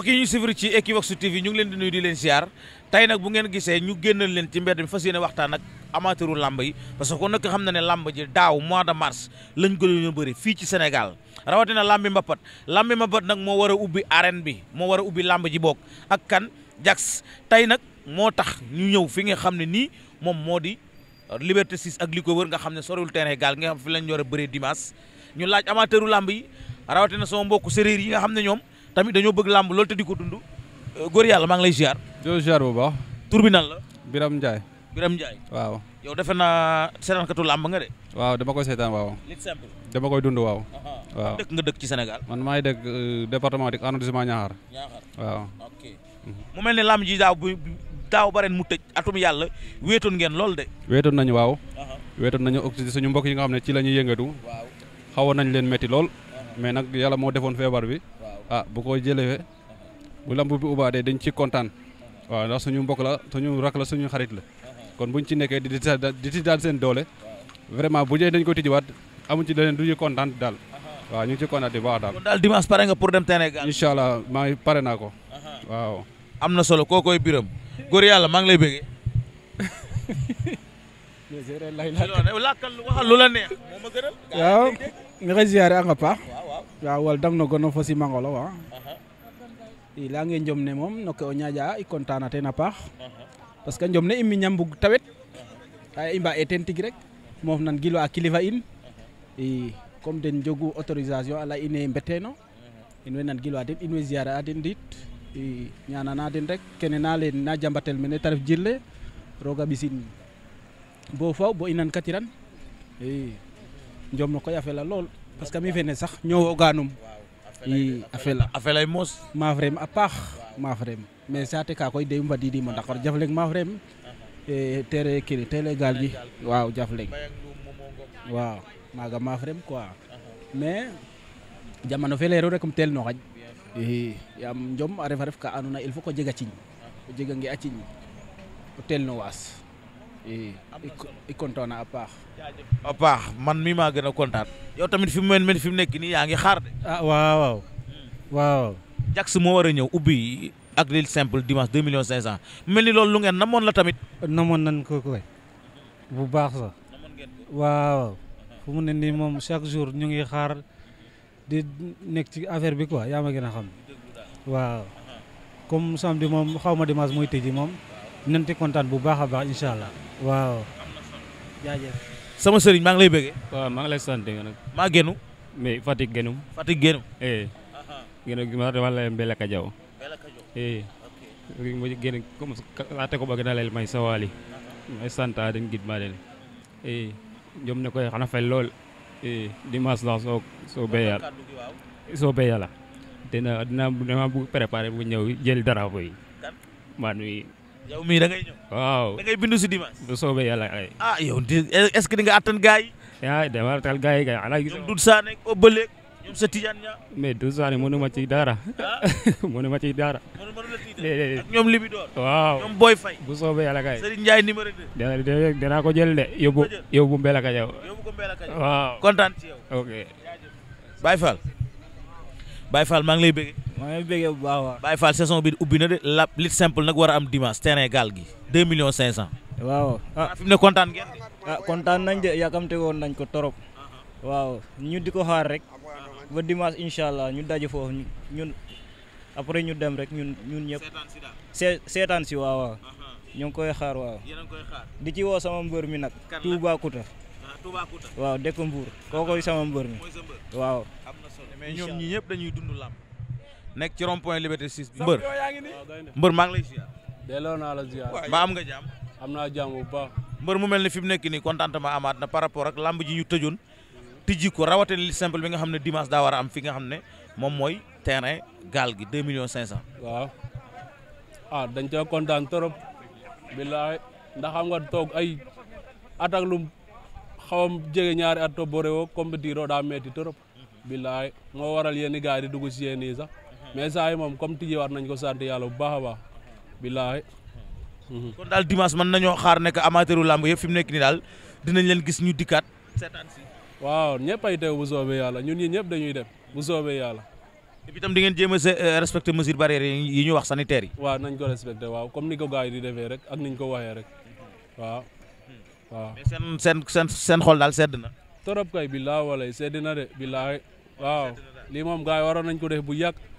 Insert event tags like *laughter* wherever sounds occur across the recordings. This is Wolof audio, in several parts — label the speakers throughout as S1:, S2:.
S1: mbokk yi ñu suivre ci Equivox TV ñu ngi leen di nuyu di leen siyaar tey nag bu ngeen gisee ñu génnal leen ci mbedd mi fas yéene waxtaan ak amateuru làmb yi parce que kon nag xam na ne làmb ji daaw mois de mars lañ gënoon a bëri fii ci Sénégal rawatina làmbi mbapat làmbi mbapat nag moo war a ubbi arène bi moo war a ubbi làmb ji bokk ak kan jax tey nag moo tax ñu ñëw fi nga xam ne nii moom moo di euh, Liberté 6 ak li ko wër nga xam ne soriwul terrain gaal nga xam fi lañ war a bëree dimanche ñu laaj amateuru làmb yi rawatina sama mbokku séréer yi nga xam ne ñoom tamit dañoo bëgg làmb loolu te di ko dund
S2: góor yàlla maa ngi lay ziar. doo ziar bu baax. tur bi nan la. Biram Ndiaye. Biram Ndiaye. waaw yow defe naa seetaankatu làmb nga de. waaw dama koy seetaan waaw. nit dama koy dund waaw. waaw ci Sénégal. maa ngi dëkk euh, département dik arrondissement Niakhar. Niakhar
S1: mhm. mu mel ne làmb ji daaw bu daaw ba mu tëj atum yàlla wéetoon
S2: ngeen lool de. wéetoon nañu waaw. wéetoon nañu aussi suñu mbokk yi nga xam ne ci la ñuy yëngatu. waaw xawoon nañ leen métti lool. mais nag yàlla moo defoon feebar bi. a ah, bu ko jëlee bu bu bi ubaadee dañ ci kontaan waaw ndax suñu mbokk la suñu rak la suñu xarit la kon buñ ci nekkee di di ci daal seen doole vraiment bu jëlee dañ ko tijjiwaat amuñ ci leneen du ñu kontaan daal waaw ñu ngi ci kontaan bu daal. kon daal pare nga pour dem terrain ga. incha maa pare naa
S1: ko am na solo kookoy biram góor yàlla maa ngi lay bëggee. waaw.
S3: nga ziare a nga paax. wawal dang no gonof fo simangolof a
S2: i leyange njom no ke o ñaƴa i content ten a paax parce que njom ne i miña mbug ta wet
S1: xaye i mba'e teen tig rek moof nan gilwa kilifa in i comme den jogu autorisation a ley ine mbeteno in way nan gilwa den in way ziare den dit i ñanana den rek kene na leen na jambatel mene te ref jirle roga ɓisin bo faw bo i katiran i njom koy a fela lool parce que mi fene sax ñoowo ganum i a fela a felay moos maaf reem a paax maaf reem mais saate ka koy deyum fadiidiim a Ndakaaru jaf leŋ maaf reem tere kiri tele gaal gi waaw jaf leŋ waaw maaga maaf reem quoi mais jamano fe rek um teel no xaƴ i yaam Njom a refa ref ka andoona il faut o jeg a ciiñ o jegange a ciiñ o teel no waas i i kontaan a man mii maa gën a kontaan yow tamit fi mu mel fi mu nekk nii yaa ngi xaar de ah, hmm. waaw Jax moo war a ñëw ubbi ak lil simple dimanche deux millions cinq cent mel ni loolu lu ngeen namoon la tamit namoon nañ ko koy bu baax sax waaw fu mu ne nii moom chaque jour ñu ngi xaar di nekk ci affaire bi quoi yaa ma gën a xam waaw comme samedi moom xaw ma dimanche mooy tëji moom nañ ci bu baax a baax incha allah waaw jaajëf. sama sëriñ maa ngi lay bëggee. waaw maa ngi lay sant nag. maa
S4: génnu. mais Fatick génnu. Fatick génnu. Eh. génnu gi ma dama lay Mbele ko bëgg naa leen may sawaali. may sant den gid ma leen. ñoom eh. ne koy xana fel lool. Eh. dimanche la soo soo bee yàlla soo bee dina dina bugg préparé bu ñëw jël drapeau yi. man mi. yow mii da ngay ñëw. waaw
S1: bu soobee yàlla ay. Ah, yow est-ce que attan gars yi. yaa dama tal kay ala gis. ñoom Doudou Sané Obale ñoom sa Tidiane ña. mais Doudou Sané mënu ma ci dara. Ah. *laughs* mënu ma ci dara. waaw bu soobee yàlla kay. Serigne
S3: ko jël de yóbbu yóbbu Mbela Kaja.
S1: Kaja. waaw kontaan ci yow. ok. Baye Fall. Baye maa ngi lay bëgg.
S4: maa ngi bëggee bu baax waaw.
S1: Baye Fall saison bi ubbi na de la lutte simple nag war am dimanche terrain gaal gi deux millions cinq cent.
S4: waaw ah fi ne kontaan ah kontaan nañ de yàkkamte woon nañ ko torop waaw ñu di ko xaar rek ba dimanche incha allah ñu daje foofu ñun après ñu dem rek ñun ñun ñëpp. see seetaan ñu ngi koy xaar waaw. di ci sama mbër mi nag. Toubacouta. Ah, waaw dëkk Mbour. kookoy sama mbër mi waaw.
S1: mais dañuy dund làmb. nekk ci rond point liberté 6 mbër mbër maa ngi lay
S2: ziar. delloo naa la ziar. ba nga jàmm. am naa jàmm
S1: bu mbër mu mel ni fi mu nekk nii contentement amaat na par rapport ak lamb ji ñu tëjoon tijji ko rawatina li simple bi nga xam ne dimas daa war am fi nga xam ne moom mooy terrain gaal gi 2 millions 500.
S2: waaw ah dañ cee kontaan trop. billaay ndax xam nga toog ay at ak lu xaw jege ñaari at to boorewoo compétir daa metti trop. billaay moo waral yéen i yi dugg si sax. mais saa yi moom comme tijjewaat nañ ko sant yàlla bu baax a baax billaahi mhm. kon daal dimanche man nañoo xaar nekk
S1: amateuru làmb yëpp fi mu nekk nii daal dinañ leen gis ñu dikkaat seetaan waaw ñëpp ay teew bu soobee
S2: yàlla ñu ñi ñëpp dañuy def bu soobee yàlla
S1: et tam di ngeen jéem a euh, respecté mesures barrières yi ñu wax sanitaire yi
S2: waaw nañ ko respecté waaw comme ni ko gars yi di defee rek ak niñ ko waxee rek waaw waaw mais
S1: seen seen seen xol daal sedd na
S2: torop kay billaa walay sedd na de billaahi waaw lii moom ga yi nañ ko def bu yàgg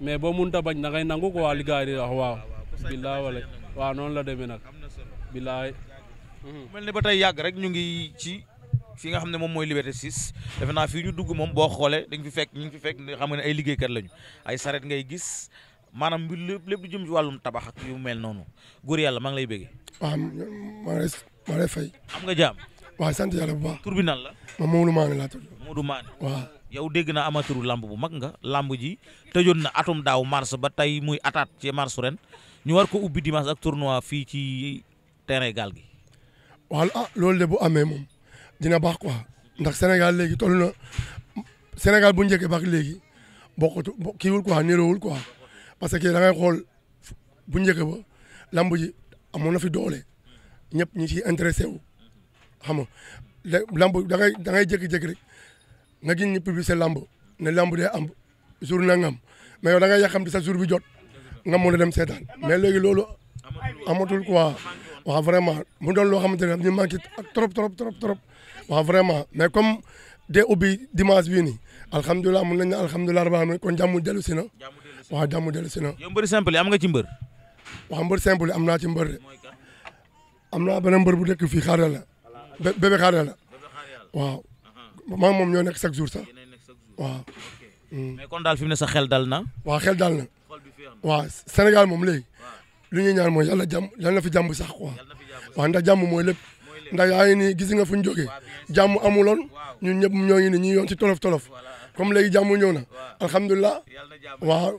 S2: mais boo mënut ta bañ da ngay nangu ko waa li gars yi di wax waaw. billaa wala waaw noonu la demee nag. billaay. mel ni ba tey yàgg rek ñu ngi ci fii nga xam ne moom mooy Liberté 6 defe
S1: naa fii ñu dugg moom boo xoolee dañ fi fekk ñu ngi fi fekk xam nga ne ay liggéeykat lañu ay saret ngay gis maanaam bi lépp lépp lu jëm ci wàllum tabax ak yu mel noonu góor yàlla maa ngi lay bëggee.
S5: waaw maa nga jaam. waaw sant yàlla bu baax. tur la. moom Modou Mané laa tudd.
S1: yow dégg naa amaturu làmb bu mag nga làmb ji tëjoon na atom daaw mars ba tey muy ataat ci mars ren ñu war ko ubbi dimanche ak tournoi fii ci terrain gi.
S5: waaw ah loolu de bu amee moom dina baax quoi ndax Sénégal léegi toll na Sénégal bu njëkk baax léegi bokkatu kiiwul quoi niroowul quoi parce que da ngay xool bu njëkk ba lamb ji amoon na fi doole ñëpp ñi ci intéressé wu xam nga lamb da da ngay jékki rek. nga gis ñu publicité lamb ne lamb day am jour nangam mais yow da ngay di sa jour bi jot nga mën a dem seetaan mais léegi loolu amatul wa wax vraiment mun doon loo xamante ne ñu manqué ak trop trop trop trop wax vraiment mais comme day ubbi dimanche bii nii alhamdulilah mun nañ ne alhamdulilah rabbil alamin kon jàmm dellu si na waaw jàmm dellu si na. yow mbër simple am nga ci mbër. waaw mbër simple yi am naa ci mbër de am na beneen mbër bu dëkk fii xaaral la bébé xaaral la waaw. maa ngi moom ñoo nekk chaque jour sax waaw.
S1: Mm. mais kon daal fi ne sa xel dal na. waaw xel dal na
S5: waaw Sénégal moom léegi lu ñuy ñaan mooy yàlla jàmm yàlla na fi jàmm sax quoi waaw ndax jàmm mooy lépp ndax yaa ngi gis nga fu ñu jógee jàmm amuloon ñun ñëpp ñoo ngi ni ñu yoon ci tolof tolof comme léegi jàmm ñëw na alhamdulilah waaw.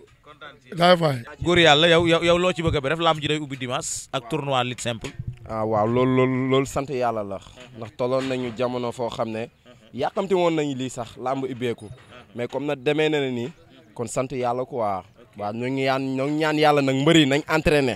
S5: daa fay.
S1: góor yàlla yow yow yow loo ci bëgg ref def lamb ji day ubbi dimanche ak tournoi lutte simple.
S2: ah waaw loolu loolu loolu sant yàlla la ndax tolloon nañu jamono foo xam ne. yàqamti woon nañu lii sax làmb ibbeeku mais comme na demee na ne nii kon sant yàlla quoi waaw ñoo ngi ñaan ñoo ngi ñaan yàlla nag mbëri nañ entraîné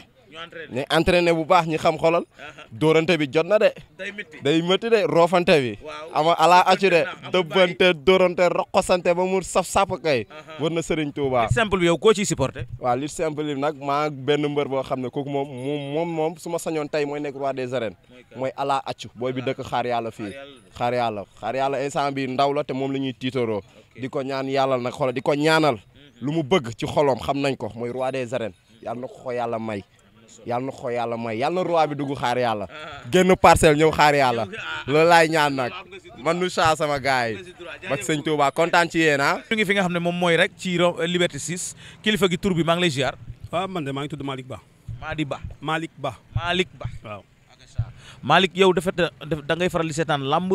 S2: ñu entraîné bu baax ñi xam xolal dóorante bi jot na de. day métti day métti de roofante bi. ama ala accu de dëbbante dóorante roqosante ba mu saf sap kay. war na Serigne Touba.
S1: simple bi yow koo ci supporté.
S2: waaw li simple bi nag maa benn mbër boo xam ne kooku moom moom moom su ma sañoon tey mooy nekk roi de arènes mooy ala accu booy bi dëkk xaar yàlla fii. xaar yàlla xaar yàlla instant bi ndaw la te moom la ñuy tiitaroo. di ko ñaan yàlla nag xoolal di ko ñaanal. Mhm. lu mu bëgg ci xolom xam nañ ko mooy roi yàlla may yàlla na yàlla may yàlla roi bi dugg xaar yàlla génn parcelle ñëw xaar yàlla loolu laay ñaan nag man nu saa sama gars yi sañ sëñ Touba kontaan ci yéen ah.
S1: ngi fi nga xam ne moom mooy rek ci Liberté 6 kilifa gi tur bi maa ngi lay ziar. waaw ah, man de maa ngi tudd Malick Ba. Madi Ba. Malick Ba. Malick Ba waaw. Malick yow dafa da ngay faral di seetaan lamb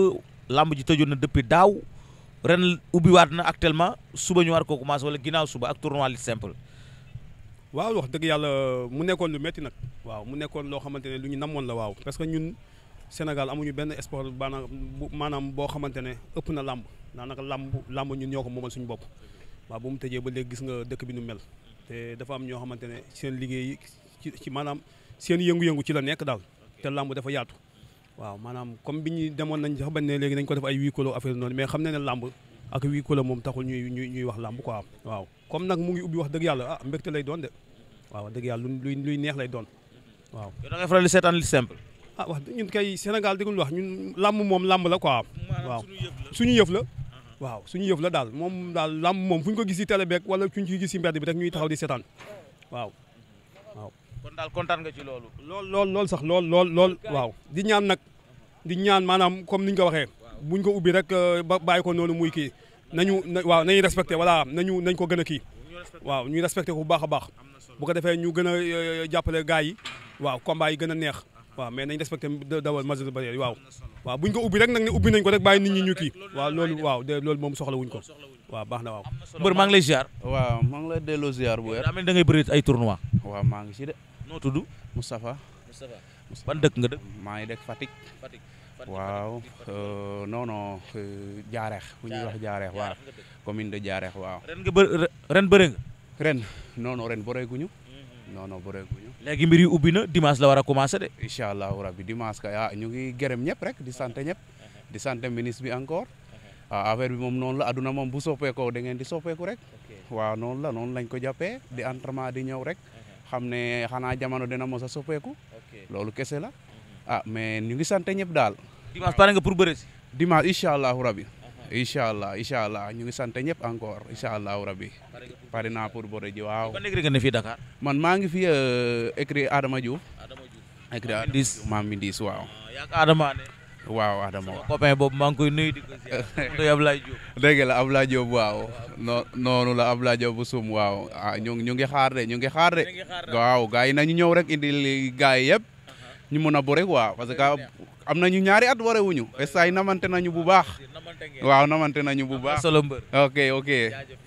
S1: lamb ji tëjoon na depuis daaw ren waat na actuellement suba ñu war koo commencé wala ginnaaw suba ak tournoi li simple.
S6: waaw wax dëgg yàlla mu nekkoon lu métti nag waaw mu nekkoon loo xamante ne lu ñu namoon la waaw parce que ñun Sénégal amuñu benn sport baana maanaam boo xamante ne ëpp na làmb daanaka làmb làmb ñun ñoo ko moomal suñu bopp waaw bu mu tëjee ba léegi gis nga dëkk bi nu mel te dafa am ñoo xamante ne seen liggéey ci ci maanaam seen yëngu-yëngu ci la nekk daal te làmb dafa yaatu waaw maanaam comme bi ñu demoon nañ sax ba ne léegi nañ ko def ay huis clos affaire noonu mais xam ne ne làmb ak huis moom taxul ñuy ñuy ñuy wax làmb quoi waaw comme nag mu ngi ubbi wax dëgg yàlla ah mbégte lay doon de waaw dëgg yàlla luy luy neex lay doon waaw. yow da ngay faral di
S1: seetaan li simple.
S6: ah wax ñun kay Sénégal dégg wax ñun làmb moom làmb la quoi. waaw suñu yëf la uh-huh. waaw suñu yëf la daal moom daal làmb moom fu ñu ko gis si télé beeg wala fu ñu ko gis si mbedd bi rek ñuy taxaw di seetaan waaw waaw.
S1: kon daal kontaan nga ci loolu.
S6: lool lool lool sax lool lool lool. waaw di ñaan nag di ñaan maanaam comme ni ñu ko waxee. buñ ko ubbi rek euh, ba bàyyi ko noonu muy kii nañu na waaw nañu respecté voilà nañu nañ ko gën a kii waaw ñu respecté ko bu baax a baax bu ko defee ñu gën a euh, euh, jàppale gars yi waaw combat yi gën a neex waaw mais nañ respecté dawal majeur barrière waaw waaw buñ ko ubbi rek nag ne ubbi nañ ko rek bàyyi nit ñu kii waaw loolu moom soxla wuñ ko waaw baax na waaw mbër maa ngi lay ziar
S2: waaw maa ngi lay delloo ziar bu wér daa mel da ngay bëri ay tournoi waaw maa ngi si
S6: de noo tudd Moustapha Moustapha ban nga dëkk maa ngi
S2: dëkk Fatick Fatick waaw euh, non non euh, jaareex bu ñuy wax jaareex waaw commune de jaareex waaw. ren nga bë ren bëre nga. ren non non ren bëreeguñu. Mm-hmm. non non léegi mbir yi ubbi na dimanche la war a commencé de. incha allahu rabi dimanche kay ah ñu ngi gërëm ñëpp rek di sant ñëpp. Mm-hmm. di sant ministre bi encore. Mm-hmm. ah affaire bi moom noonu la aduna moom bu soppeekoo da ngeen di soppeeku rek. waaw noonu la noonu lañ ko jàppee di entraînement di ñëw rek. xam ne xanaa jamono dina mos a soppeeku. loolu kese la. ah mais ñu ngi sant ñëpp daal. dimanche pare nga pour bëre si. dimanche incha allahu rabi. incha allah incha allah ñu ngi sant ñëpp encore incha allahu rabi. pare naa pour bëre ji waaw. fii Dakar. man maa ngi fi euh, écrit Adama Diouf. Adama Diouf écrit Adama Diouf maam mi diis waaw. Ah, yaa Adama waaw Adama waaw copain boobu maa ngi koy nuyu di ko *laughs* la Ablaye Diop waaw non noonu la Ablaye Diop bu sum waaw ah ñu ñu ngi xaar de ñu ngi xaar de. waaw gars yi nañu ñëw rek indi gars yi yëpp. ñu mën a bëre quoi parce que am ñu ñaari at ware wuñu estaay namante nañu bu baax waaw namante nañu bu baax solo mbër ok ok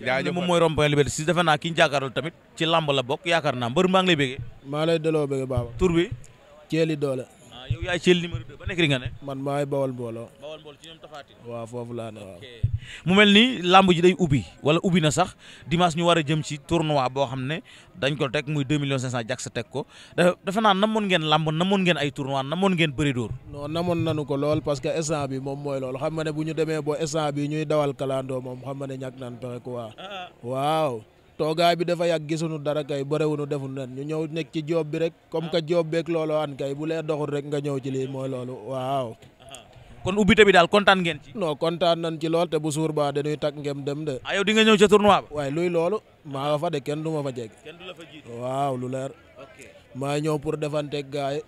S2: jaajëf moom mooy rond-point Liberté si defe naa ki ñu jàkkaarloo tamit ci làmb la bokk
S1: yaakaar naa mbër maa ngi lay bégee maa
S3: lay delloo bégee baaba tur ceeli doole
S1: yow yaay Thiel numéro 2 ba nekk ri nga ne.
S3: man maay bawal
S1: mbooloo. bawal mbooloo ci ñoom tafaati. waaw foofu laa ne mu mel ni làmb ji day ubbi wala ubbi na sax dimanche ñu war a jëm ci tournoi boo xam ne dañ ko teg muy 2 millions 500 jàkk sa teg ko dafa naa namoon ngeen làmb namoon ngeen ay tournoi namoon ngeen bëri dóor.
S3: non namoon nanu ko lool parce que instant bi moom mooy lool xam nga ne bu ñu demee bo instant bi ñuy dawal kalandoo moom xam nga ne ñàkk naan pexe quoi ah. waaw. toogaay bi dafa yàgg gisuñu dara kay bëriwunu deful nen ñu ñëw nekk ci joob bi rek comme que job beeg looloo an kay bu lee doxul rek nga ñëw ci lii mooy loolu waaw. kon ubbite bi daal kontaan ngeen ci. non kontaan nañ ci lool te bu suur ba dañuy takk ngem dem de. ah yow di nga ñëw ca tournoi ba. waaye luy loolu maa nga fa de kenn du ma fa jege. kenn fa jiite waaw lu leer. maa ñëw pour defante gaay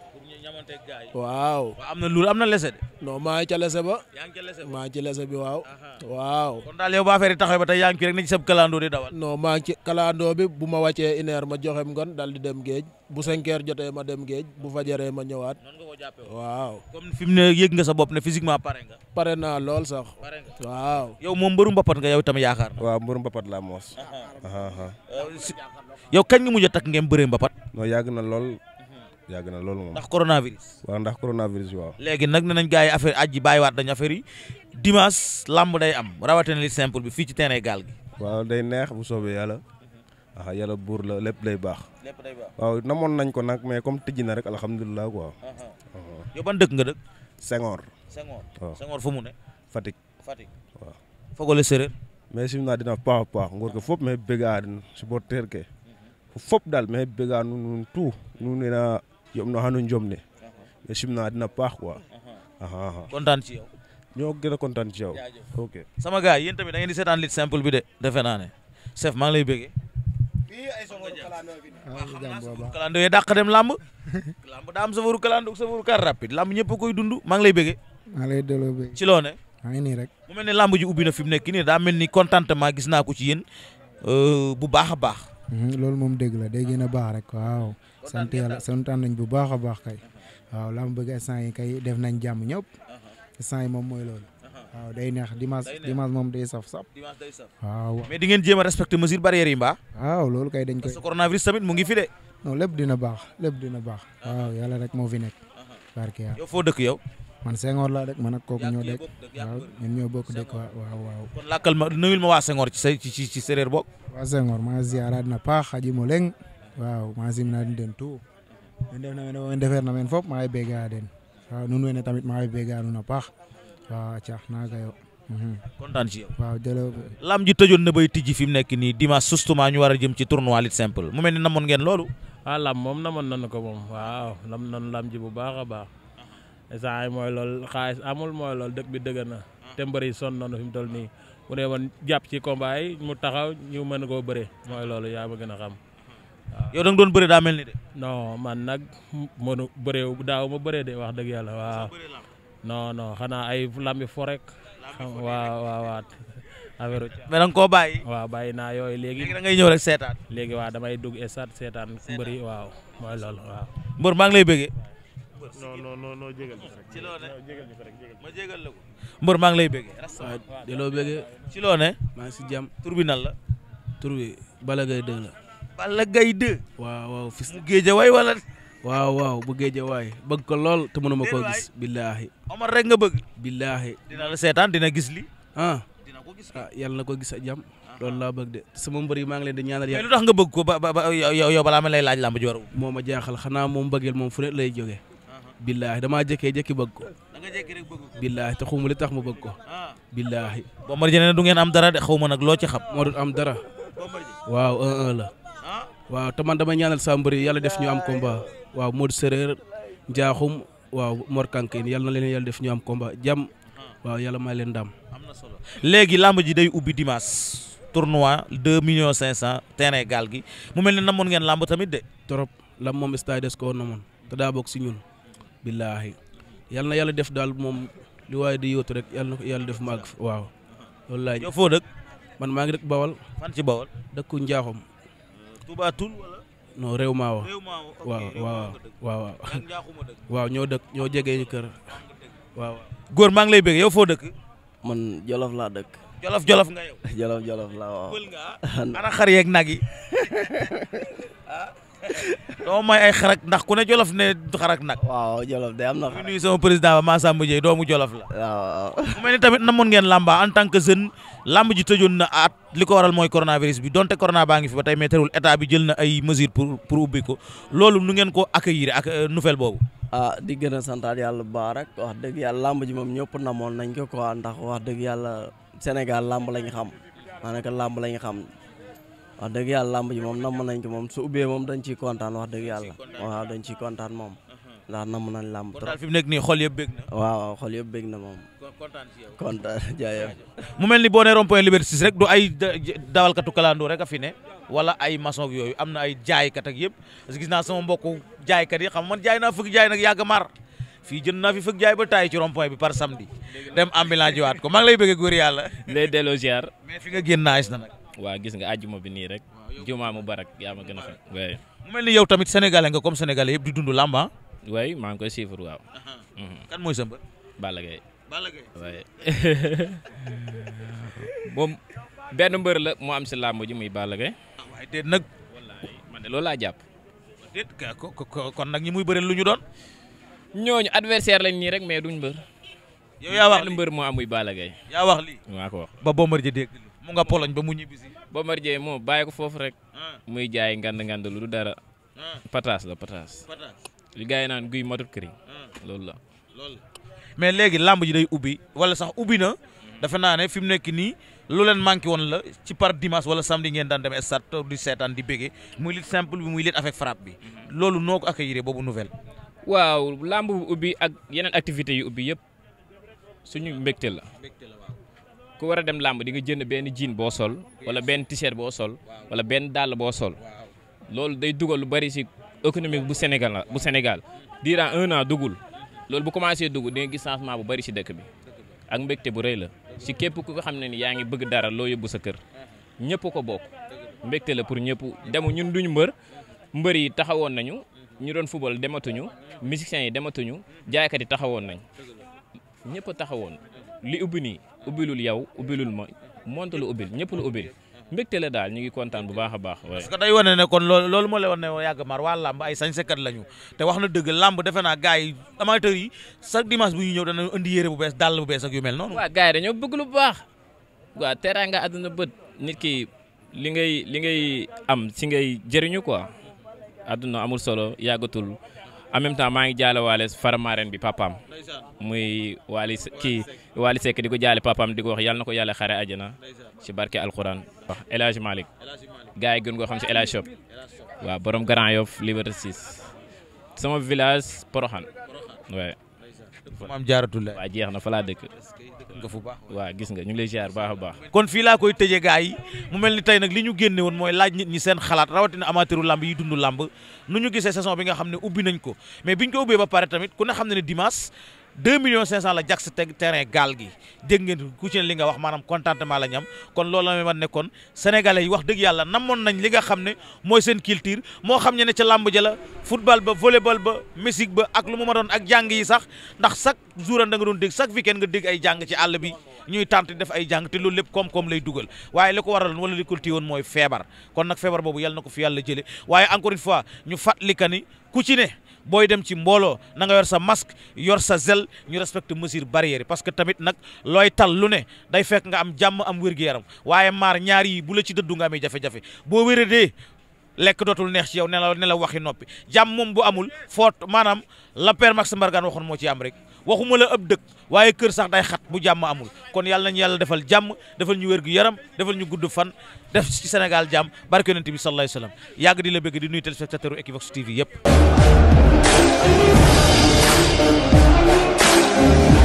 S3: waaw am na luur am na lese de. non maa ngi ca lese ba. yaa ci lese bi waaw. waaw kon daal yow ba affaire yi ba te yaa ngi ci rek ne ci sab kalandoo di dawal. non maa ci kalandoo bi bu ma wàccee une ma joxem ngon daal di dem géej bu cinq jotee ma dem géej bu fajaree ma ñëwaat. noonu nga ko jàppee waaw.
S1: comme fi mu ne yëg nga sa bopp ne physiquement pare nga. pare naa lool sax. pare nga waaw. yow moom mbëru mbapat nga yow itam yaakaar. waaw mbëru mbapat laa moos. Euh, yow kañ nga mujj a takk ngeen bëree mbapat. non yàgg na yàgg na loolu moom ndax coronavirus. waaw ndax coronavirus waaw. léegi nag nee nañ gars yi affaire aji bàyyiwaat dañ affaire dimanche làmb day am rawatina li simple bi fii ci terrain gaal gi. waaw day neex bu soobee yàlla. waaw yàlla buur la lépp day baax.
S6: lépp day baax waaw nañ ko nag mais comme tijji na rek alhamdulilah quoi.
S1: yow ban dëkk nga dëkk.
S6: Senghor. Senghor waaw Senghor fu mu ne. Fatick.
S1: Fatick waaw. Fogole séeréer.
S6: mais sim naa dina paax a paax nguur ko fop mais bëggaa supporter ke mhm. no xanu jomne mais uh-huh. simna dina paax quoi uh-huh. kontaan ci yow ñoo gën a kontaan ci yow ok sama gars
S1: yéen tamit da ngeen di seetaan lit simple bi de defe naa ne chef maa ngi lay bëggee kalandoo yee dàq dem làmb *laughs* làmb daa am safaru kalandoo safaru car rapide làmb ñëpp koy dund maa ngi lay bëggee maa ngi lay delloo bëgg ci loo ne maa ngi nii rek mu mel ne ji ubbi na fi mu nekk nii daa mel ni contentement gis na ko ci yéen euh, bu baax a baax
S3: mhm, loolu moom dégg la day gën
S1: a baax rek waaw sant yàlla santaan nañ bu baax a baax kay waaw lamb bëgg instant yi kay def nañ jàmm ñëpp uh-huh. instant yi moom mooy loolu uh-huh. waaw day neex di a respecter mesure barrière yi mbaa waaw loolu kay dañ mu ngi fi de non lépp dina baax lépp dina baax uh-huh. waaw yàlla rek moo fi nekk barke yàlla yow foo dëkk yow man Senghor laa dëkk man ak kooku ñoo dëkk ma nuyul ma ci ci ci waa Senghor maa ziaraat na paax xaji leng waaw ma simna den tu en na mene fo na meen fop maxey begaa den waaw nuun wene tamit maxey begaa nuun a paax waaw a caax naaga yo mhm. kontaan ci yow waaw jërëjëf lam ji tëjoon na bay tijji fi mu nekk nii dimanche justement ñu war a jëm ci tournoi lutte simple mu mel ni namoon ngeen loolu
S3: ah lam moom namoon nañu ko moom waaw nam nanu lam ji bu baax a baax essange mooy loolu xaalis amul mooy loolu dëkk bi dëgg na te mbëri sonn nañu fi mu toll nii bu dee woon jàpp ci combat yi mu taxaw ñu mën koo bëre mooy lool yaa ma gën a xam yow da nga doon bëre daa mel ni de. non man nag mënu bëree daaw ma bëree de wax dëgg yàlla waaw. non non xanaa ay lambi fo rek. waaw waaw waaw. affaire koo bàyyi. waaw bàyyi naa yooyu léegi. da ngay ñëw rek seetaan. léegi waaw damay dugg stade seetaan mbëri waaw mooy loolu mbër maa lay bëggee.
S1: non la ko. mbër maa ngi lay bëggee. waaw delloo bëggee. loo maa ngi si jam tur bi nan la. tur bala Balla Gaye Balla Gaye 2. waaw waaw fis mu géejawaay wala. waaw waaw bu géejawaay bëgg ko lool te mënuma koo gis. billaahi Omar rek nga bëgg. billaahi dina la seetaan dina gis li ah
S2: dina ko gis ah yàlla na ko gis a jam ah, ah. loolu laa bëgg de sama mbër maa ngi leen di ñaanal yàlla. mais
S1: tax nga bëgg ko ba ba yow balaa ma lay laaj làmb ji war moo ma jaaxal xanaa moom bëggeel moom fu ne lay jógee. Ah, billaahi damaa jëkkee jëkki bëgg ko. billaahi te xawma li tax ma bëgg ko. billaahi. Bombardier ne du ngeen am dara de xawma nag loo ci xam. moo am dara. waaw te man dama
S2: ñaanal saa yi yàlla def ñu am komba waaw Modou Séréer Njaaxum waaw Mor Kankin yàlla na leen yàlla def ñu am combat jàmm ah. waaw yàlla may leen ndam. am na solo léegi làmb ji day
S1: ubbi dimanche tournoi 2 millions 500 terrain gaal gi mu mel ne namoon ngeen làmb tamit
S2: de. trop la moom stade des ko namoon te daa bokk si ñun. billaahi yàlla na yàlla def daal moom li waaye di yóotu rek yàlla na def màgg waaw. loolu laa ñu foo
S1: dëkk man maa ngi dëkk Bawal. fan ci Bawal dëkku Njaaxum. Touba Toul wala. non réew waaw waaw waaw ñoo dëkk ñoo jegee ñu kër waaw. góor maa ngi lay bëgg yow foo dëkk.
S4: man jolof laa dëkk. jolof jolof
S1: nga yow. *laughs* jolof jolof laa waaw. Ah? *laughs* ana xar yeeg nag yi. *laughs* Ah? doo may ay xarak ndax ku ne jolof ne xarak nag. waaw jolof de am na xarak. nuyu sama président ba Massamba Dieye doomu jolof la. waaw mu mel ni tamit namoon ngeen lamba en tant que jeune lamb ji tëjoon na at li ko waral mooy coronavirus bi donte corona baa ngi fi ba tey mais terewul bi jël na ay mesures pour
S4: pour ubbi ko loolu nu ngeen ko accueillir ak euh, nouvelle boobu. ah di gën santaal yàlla bu baax rek wax dëgg yàlla lamb ji moom ñëpp namoon nañ ko quoi ndax wax dëgg yàlla Sénégal lamb lañ xam maanaam lamb lañ xam. wax dëgg yàlla làmb ji moom namm nañ ko moom su ubbee moom dañ ciy kontaan wax dëgg yàlla waaw dañ ciy kontaan moom uh-huh. ndax namm nañ làmb trop nekk nii xol yëpp bég na moom *laughs*
S1: mu mel ni boo ne rond point Liberté 6 rek du ay dawalkatu kalandoo rek a fi ne wala ay maçon yooyu am na ay jaaykat ak yëpp parce que gis naa sama mbokku jaaykat yi xam man jaay naa fëgg jaay nag yàgg mar fii jënd naa fi fëgg jaay ba taay ci rond bi par samedi dem ambulance jiwaat ko maa ngi lay bëggee góor yàlla lay delloo ziar
S4: mais fi waa gis nga àjjuma bi nii rek juma mu barak yaa ma gën a xam
S1: waaye mu mel ni yow tamit sénégalais nga comme sénégalais yëpp di dund làmba ah?
S4: waaye maa ngi koy suivre waaw mhm. kan mooy *laughs* moom benn mbër la mu am si làmb ji muy Balla Gaye ah, nag loolu laa jàpp déet kon nag ñi muy bëri lu ñu doon ñooñu adversaire lañ nii rek mais duñ mbër yow yaa wax li mbër moo am muy Balla maa ko wax mu nga Pologne ba mu ñibbisi. Bombardier moo bàyyi ko foofu rek. Ah. muy jaay ngand ngand lu du dara. Ah. pataas la pataas. pataas li gars yi naan guy matut këriñ. Ah. loolu la.
S1: mais léegi làmb ji day ubbi wala sax ubbi na. dafa naa ne fi mu nekk nii lu leen manqué woon la ci par dimanche wala samedi ngeen daan demee stade du seetaan di bége muy lit simple bi muy lit
S4: avec frappe bi mhm. loolu noo ko accueillir boobu nouvelle. waaw làmb bu ubbi ak yeneen activités yu ubbi yëpp suñu mbégte la. ku war a dem làmb di nga jënd benn jiin boo sol wala benn t-shirt boo sol wala benn dàll boo sol loolu day dugal lu bari ci économique bu Sénégal bu Sénégal durant un an dugul loolu bu commencé dugg di nga gis changement bu bari si dëkk bi ak mbégte bu rëy la si képp ku nga xam ne ni yaa ngi bëgg dara loo yóbbu sa kër ñëpp ko bokk mbégte la pour ñëpp dem ñun duñu mbër mbër yi taxawoon nañu ñu doon football dematuñu musiciens yi dematuñu jaaykat yi taxawoon nañ taxawoon li ubbi nii ubbilul yow ubbilul ma monte la ubbil ñëpp lu ubbil mbégte la daal ñu ngi kontaan bu baax a baax. parce que
S1: day wane ne kon loolu loolu moo lay wane ne yàgg maar waa làmb ay sañsekat lañu te wax na dëgg làmb defe naa gars yi amateurs yi chaque
S4: dimanche bu ñu ñëw dana indi yére bu bees dàll bu bees ak yu mel noonu. waaw gars yi dañoo bëgg lu baax. waaw teraanga àdduna bët nit ki li ngay li ngay am si ngay jëriñu quoi àdduna amul solo yàggatul. en même temps maa ngi jaale waale faramaaren bi papaam muy waali kii waali sekk di ko jaale papaam di ko wax yàlla na ko yàlla xare àjjana ci barke alquran wax El Hadj Malick gars yi gën koo xam ci El Hadj Shop waaw borom Grand Yoff Liberté 6 sama village Porokhane maam jaaratulaay waaw jeex na fa laa dëkk nga fu baax waaw gis nga ñu ngi lay ziar baax a kon fii laa
S1: koy tëjee gars yi mu mel ni tey nag li ñu génne woon mooy laaj ñi seen xalaat rawatina amateuru lamb yi dund lamb nu ñu gisee saison bi nga xam ne ubbi nañ ko mais biñ ko ubbee ba pare tamit ku ne xam ne ne dimanche deux millions cinq cent la jag si terrain gaal gi dégg ngeen ku ci ne li nga wax maanaam contentement la ñam kon loolu la may man ne kon yi wax dëgg yàlla namoon nañ li nga xam ne mooy seen culture moo xam ne ne ca làmb ja la football ba volleyball ba musique ba ak lu mu ma doon ak jàng yi sax ndax chaque jour da nga doon dégg chaque kenn nga dégg ay jàng ci àll bi ñuy tànt def ay jàng te loolu lépp koom-koom lay dugal waaye li ko waraloon wala li ko téye woon mooy feebar kon nag feebar boobu yàlla na ko fi yàlla jëlee waaye encore ku ci ne booy dem ci mbooloo na nga yor sa masque yor sa zel ñu respecte mesure barrière parce que tamit nag looy tal lu ne day fekk nga am jàmm am wér-gu-yaram waaye maar ñaar yi bu la ci dëddu nga amee jafe-jafe boo wéradee lekk dootul neex ci yow ne la ne la waxi noppi jàmm moom bu amul foot maanaam la père Max Mbargane waxoon moo ci am rek waxuma la ab dëkk waaye kër sax day xat bu jàmm amul kon yàlla nañu yàlla defal jàmm defal ñu wér gi yaram defal ñu gudd fan def ci senegal jàmm barke yonent bi sallallahu alayhi yàgg di la bëgg di nuyu téléspectateur u Equivox TV yëpp